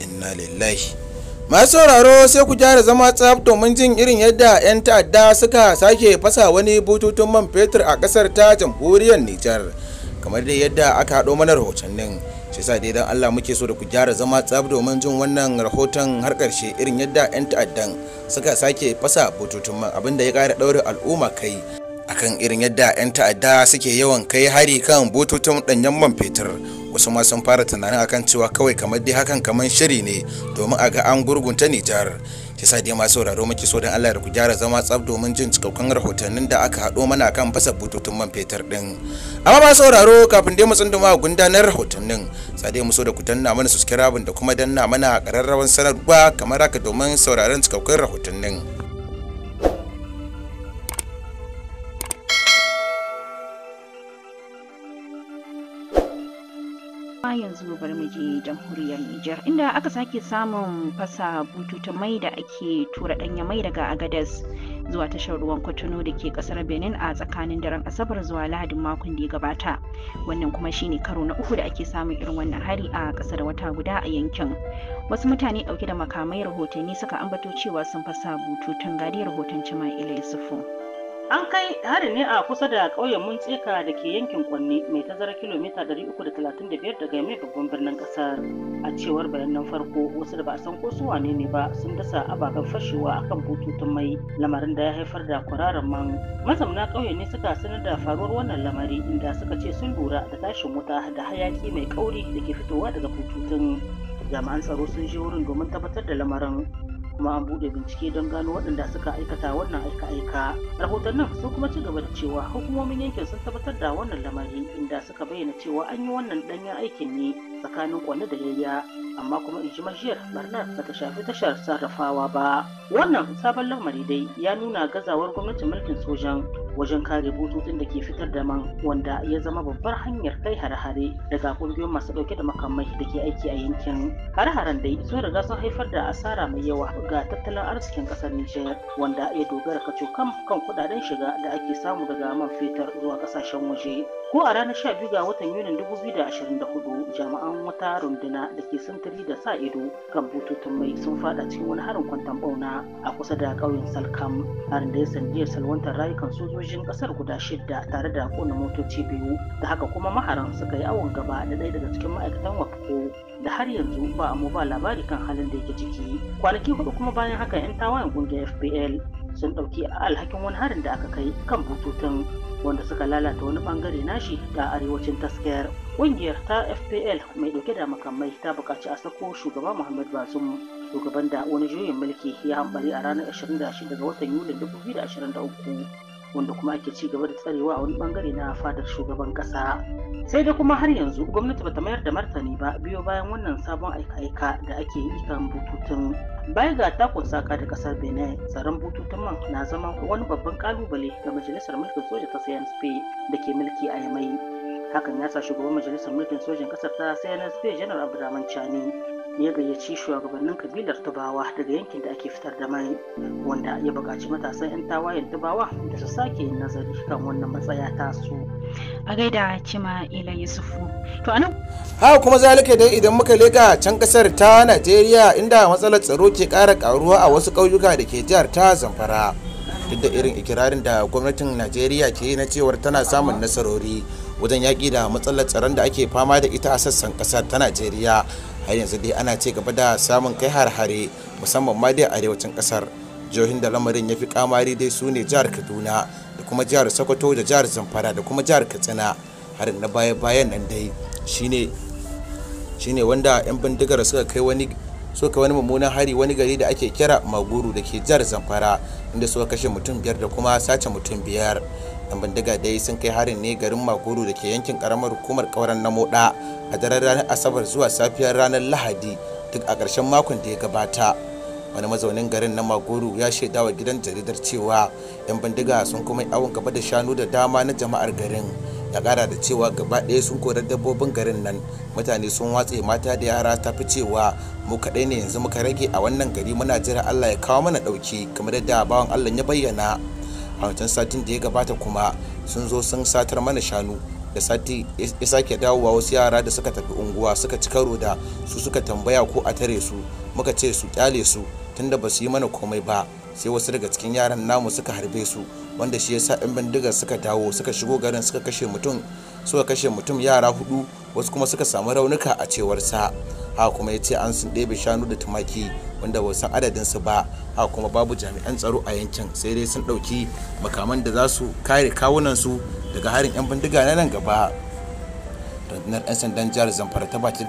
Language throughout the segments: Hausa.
inna lillahi masu sauraro sai ku gyara zama tsaf domin jin irin yadda 'yan ta'adda suka sake fasa wani bututun man fetur a kasar ta jamhuriyar nijar kamar dai yadda aka haɗo mana rahotanni shi sa dai don allah muke so da ku gyara zama tsaf domin jin wannan rahoton har ƙarshe irin yadda 'yan ta'addan suka sake fasa bututun man abin da ya ƙara ɗaure al'umma kai akan irin yadda 'yan ta'adda suke yawan kai hari kan bututun ɗanyen man fetur wasu ma sun fara tunanin akan cewa kawai kamar dai hakan kamar shiri ne domin a ga an gurgunta nijar shi sa dai masu sauraro muke so don Allah ya ku gyara zama tsaf domin jin cikakkun rahotannin da aka haɗo mana akan fasa bututun man fetur din amma masu sauraro kafin dai mu tsunduma a gundanar rahotannin sai dai mu so da ku danna mana subscribe da kuma danna mana ƙararrawan sanarwa kamar haka domin sauraron cikakkun rahotannin amma yanzu bari mu je jamhuriyar Nijar inda aka sake samun fasa bututun mai da ake tura danya mai daga Agadas zuwa tashar ruwan Kwatano da ke kasar Benin a tsakanin daren Asabar zuwa Lahadin makon da ya gabata. Wannan kuma shine karo na uku da ake samun irin wannan hari a kasar wata guda a yankin. Wasu mutane ɗauke da makamai rahotanni suka ambato cewa sun fasa bututun gadi rahoton Cima Ilai An kai hari ne a kusa da ƙauyen muntsika da ke yankin Kwanne mai tazara kilomita 335 daga mai babban birnin ƙasar. A cewar bayanan farko wasu da ba a san ko su wane ne ba sun dasa ababen fashewa a kan bututun mai lamarin da ya haifar da kwararan man. Mazauna ƙauye ne suka sanar da faruwar wannan lamari inda suka ce sun lura da tashin wuta da hayaki mai kauri da ke fitowa daga bututun. Jami'an tsaro sun je wurin domin tabbatar da lamarin kuma an bude bincike don gano waɗanda suka aikata wannan aika-aika rahotannin sun kuma ci gaba da cewa hukumomin yankin sun tabbatar da wannan lamari inda suka bayyana cewa an yi wannan ɗanyen aikin ne tsakanin kwanne da yayya amma kuma in ji majiyar barnar ta shafi tashar sarrafawa ba wannan sabon lamari dai ya nuna gazawar gwamnatin mulkin sojan wajen kare bututun da ke fitar da man wanda ya zama babbar hanyar kai hare-hare daga kungiyoyin masu dauke da makamai da ke aiki a yankin hare-haren dai sun riga sun haifar da asara mai yawa ga tattalin arzikin kasar Nijar wanda ya dogara kacokam kan kudaden shiga da ake samu daga man fetur zuwa kasashen waje ko a ranar 12 ga watan Yunin 2024 jami'an wata runduna da ke sintiri da sa ido kan bututun mai sun fada cikin wani harin kwantan bauna a kusa da ƙauyen Salkam harin da ya salwantar rayukan sojoji sojojin kasar guda shida tare da kona motoci biyu da haka kuma maharan suka yi awon gaba da ɗaya daga cikin ma'aikatan wafko da har yanzu ba a mu ba labari kan halin da yake ciki kwanaki hudu kuma bayan haka yan tawayen kungiyar fpl sun ɗauki alhakin wani harin da aka kai kan bututun wanda suka lalata wani bangare nashi da arewacin taskiyar ƙungiyar ta fpl mai ɗauke da makamai ta buƙaci a sako shugaba muhammad bazum shugaban da wani juyin mulki ya hambari a ranar 26 ga watan yulin 2023 wanda kuma ake ci gaba da tsarewa a wani bangare na fadar shugaban kasa sai dai kuma har yanzu gwamnati bata mayar da martani ba biyo bayan wannan sabon aika-aika da ake yi kan bututun baya ga takon saka da kasar benin tsaron bututun man na zama wani babban kalubale ga majalisar mulkin soja ta cnsp da ke mulki a yamai hakan ya sa shugaban majalisar mulkin sojan kasar ta cnsp janar abdulrahman chani ya gayyaci shugabannin kabilar tubawa daga yankin da ake fitar da mai wanda ya buƙaci matasan 'yan tawayen tubawa da su sake yin nazari kan wannan matsaya su a gaida cima ila yusufu to anan ha kuma zalika dai idan muka leka can kasar ta najeriya inda matsalar tsaro ke ƙara ƙaruwa a wasu ƙauyuka da ke jihar ta zamfara duk da irin ikirarin da gwamnatin najeriya ke yi na cewar tana samun nasarori wajen yaƙi da matsalar tsaron da ake fama da ita a sassan ƙasar ta najeriya har yanzu dai ana ce gaba da samun kai har-hare musamman ma dai arewacin ƙasar jihohin da lamarin ya fi kamari dai su ne jihar kaduna da kuma jihar sokoto da jihar zamfara da kuma jihar katsina har na baya-bayan nan dai shine shine wanda 'yan bindigar suka kai wani so kai wani mummunan hari wani gari da ake kira maguru da ke jihar zamfara inda suka kashe mutum biyar da kuma sace mutum biyar 'yan bindiga dai sun kai harin ne garin magoro da ke yankin karamar hukumar kauran na moda a daren ranar asabar zuwa safiyar ranar lahadi duk a karshen makon da ya gabata wani mazaunin garin na magoro ya shaida wa gidan jaridar cewa 'yan bindiga sun kuma awon gaba da shanu da dama na jama'ar garin ya kara da cewa gaba ɗaya sun korar dabbobin garin nan mutane sun watse mata da yara ta fi cewa mu kaɗai ne yanzu muka rage a wannan gari muna jira allah ya kawo mana ɗauki kamar yadda bawan allah ya bayyana a wancan satin da ya gabata kuma sun zo sun satar mana shanu da sati ya sake dawowa wasu yara da suka tafi unguwa suka ci karo da su suka tambaya ko a tare su muka ce su kyale su tunda ba su yi mana komai ba sai wasu daga cikin yaran namu suka harbe su wanda shi yasa yan bindiga suka dawo suka shigo garin suka kashe mutum suka kashe mutum yara hudu wasu kuma suka samu raunuka a cewar sa ha kuma ya ce an sun ɗebe shanu da tumaki wanda ba san adadin su ba ha kuma babu jami'an tsaro a yankin sai dai sun ɗauki makaman da za su kare kawunan su daga harin 'yan bindiga na nan gaba rundunar 'yan sandan jihar zamfara ta bakin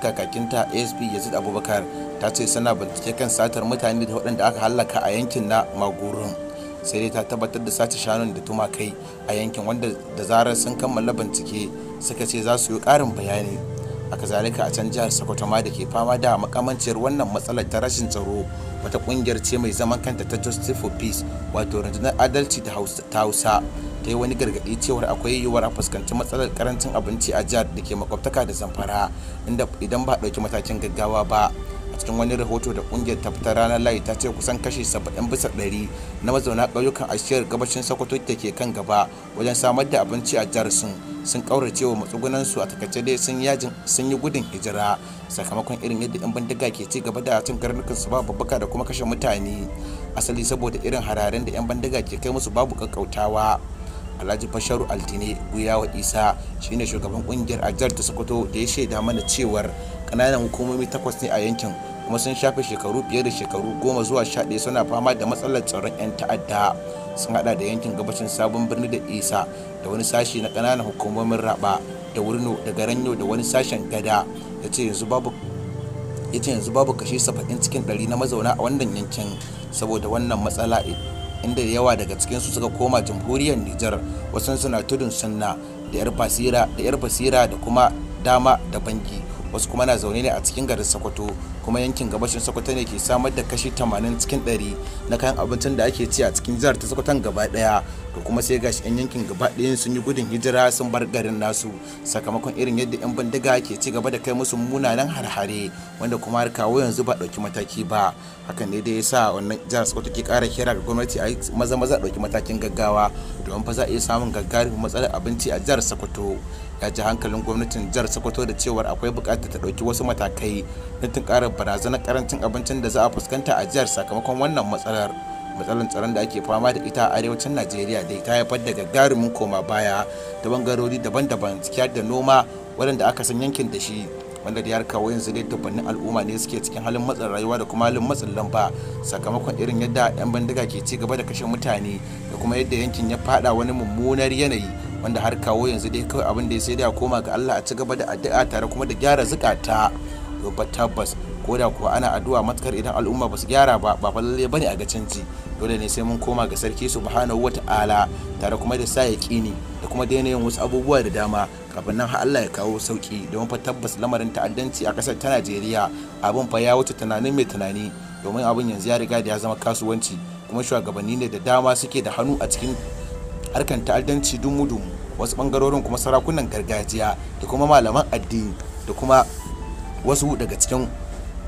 ta asp yazid abubakar ta ce sana bincike kan satar mutane da waɗanda aka hallaka a yankin na magurin sai dai ta tabbatar da sace shanun da tumakai a yankin wanda da zarar sun kammala bincike suka ce za su yi ƙarin bayani a kazalika a can jihar sokoto ma da ke fama da makamanciyar wannan matsalar ta rashin tsaro wata kungiyar ce mai zaman kanta ta justice for peace wato rundunar adalci ta hausa ta yi wani gargaɗi cewar akwai yiwuwar a fuskanci matsalar karancin abinci a jihar da ke makwabtaka da zamfara inda idan ba a ɗauki matakin gaggawa ba a cikin wani rahoto da kungiyar ta fitar ranar layi ta ce kusan kashi 70 bisa 100 na mazauna ƙauyukan ashiyar gabashin sokoto da ke kan gaba wajen samar da abinci a jihar sun sun kaurace wa matsugunansu a takaice dai sun yajin sun yi gudun hijira sakamakon irin yadda 'yan bindiga ke ci gaba da cin garnukan su babu babbaka da kuma kashe mutane asali saboda irin hararen da 'yan bindiga ke kai musu babu kakkautawa alhaji fasharu altine guyawa isa shine shugaban kungiyar ajar ta sokoto da ya shaida mana cewar kananan hukumomi takwas ne a yankin kuma sun shafe shekaru fiye da shekaru goma zuwa sha ɗaya suna fama da matsalar tsaron 'yan ta'adda sun hada da yankin gabashin sabon birni da isa da wani sashi na ƙananan hukumomin raba da wurno da garanyo da wani sashen gada da ce yanzu babu ya ce yanzu babu kashi saba'in cikin ɗari na mazauna a wannan yankin saboda wannan matsala inda da yawa daga cikin su suka koma jamhuriyar nijar wasu suna tudun basira da yar basira da kuma dama da bangi wasu kuma na zaune ne a cikin garin sokoto kuma yankin gabashin sokoto ne ke samar da kashi 80 cikin 100 na kayan abincin da ake ci a cikin jihar ta sokoton gaba daya to kuma sai gashi yan yankin gaba daya sun yi gudun hijira sun bar garin nasu sakamakon irin yadda yan bindiga ke ci gaba da kai musu munanan harhare wanda kuma har kawo yanzu ba ɗauki mataki ba hakan ne da ya sa wannan jihar sokoto ke kara kira ga gwamnati a maza maza dauki matakin gaggawa domin fa za a iya samun gaggawar matsalar abinci a jihar sokoto ya ji hankalin gwamnatin jihar sokoto da cewar akwai bukatar ta dauki wasu matakai na tunkarar barazanar karancin abincin da za a fuskanta a jihar sakamakon wannan matsalar matsalar tsaron da ake fama da ita a arewacin najeriya dai ta haifar da gagarumin koma baya ta bangarori daban-daban ciki da noma waɗanda aka san yankin da shi wanda da yarka wayan zai dubbanin al'umma ne suke cikin halin matsin rayuwa da kuma halin matsin lamba sakamakon irin yadda 'yan bindiga ke ci gaba da kashe mutane da kuma yadda yankin ya fada wani mummunar yanayi wanda har kawo yanzu dai kawai abin da ya sai da a koma ga Allah a ci gaba da addu'a tare kuma da gyara zukata to ba tabbas ko da kuwa ana addu'a matukar idan al'umma ba su gyara ba ba lalle bane a ga canji dole ne sai mun koma ga sarki subhanahu wata'ala tare kuma da sa yaqini da kuma daina yin wasu abubuwa da dama kafin nan har Allah ya kawo sauki domin fa tabbas lamarin ta'addanci a kasar ta Najeriya abin fa ya wuce tunanin mai tunani domin abin yanzu ya riga da ya zama kasuwanci kuma shugabanni ne da dama suke da hannu a cikin harkar ta'addanci dumu-dumu wasu bangarorin kuma sarakunan gargajiya da kuma malaman addini da kuma wasu daga cikin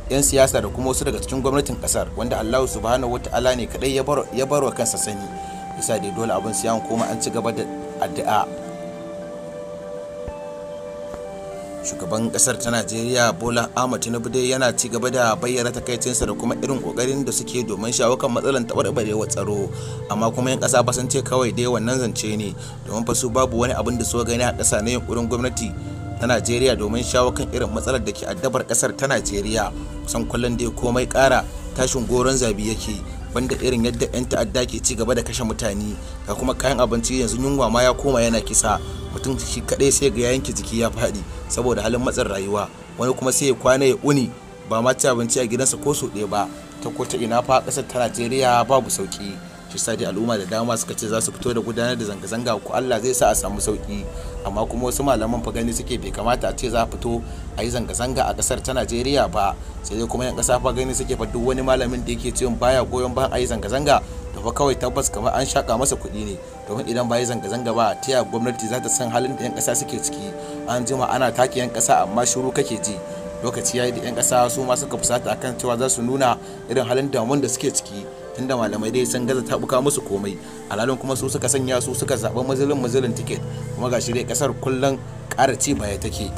'yan siyasa da kuma wasu daga cikin gwamnatin kasar wanda allahu subhanahu wa ta'ala ne kadai ya barwa kansa sani bisa dai dole abin siyan kuma an ci gaba da addu'a shugaban kasar ta najeriya bola ahmad tinubu dai yana ci gaba da bayyana takaicinsa da kuma irin kokarin da suke domin shawo kan matsalar tabarbarewa tsaro amma kuma yan kasa basan ce kawai dai wannan zance ne domin fa su babu wani abin da su gani a ƙasa na yunkurin gwamnati ta najeriya domin shawo kan irin matsalar da ke addabar kasar ta najeriya kusan kullum dai komai kara tashin goron zabi yake banda irin yadda 'yan ta'adda ke ci gaba da kashe mutane ga kuma kayan abinci yanzu yunwa ma ya koma yana kisa mutum shi kadai sai ga yanke jiki ya faɗi saboda halin matsin rayuwa wani kuma sai ya kwana ya uni ba ma ci abinci a gidansa ko su ɗaya ba ta ko ta ina fa ƙasar ta najeriya babu sauki shi sa al'umma da dama suka ce za su fito da gudanar da zanga-zanga ko Allah zai sa a samu sauki amma kuma wasu malaman fa gani suke bai kamata a ce za a fito a yi zanga-zanga a kasar ta Najeriya ba sai dai kuma yan kasa fa gani suke fa duk wani malamin da yake cewa baya goyon bayan a yi zanga-zanga to fa kawai tabbas kamar an shaka masa kuɗi ne domin idan ba yi zanga-zanga ba ta yaya gwamnati za ta san halin da yan kasa suke ciki an jima ana take yan kasa amma shiru kake ji lokaci yayi da yan kasa su ma suka fusata akan cewa za su nuna irin halin damuwan da suke ciki tunda malamai dai sun gaza tabuka musu komai alhalin kuma su suka sanya su suka zaɓa mazilin mazilin tiket kuma gashi dai kasar kullum ƙara ci baya take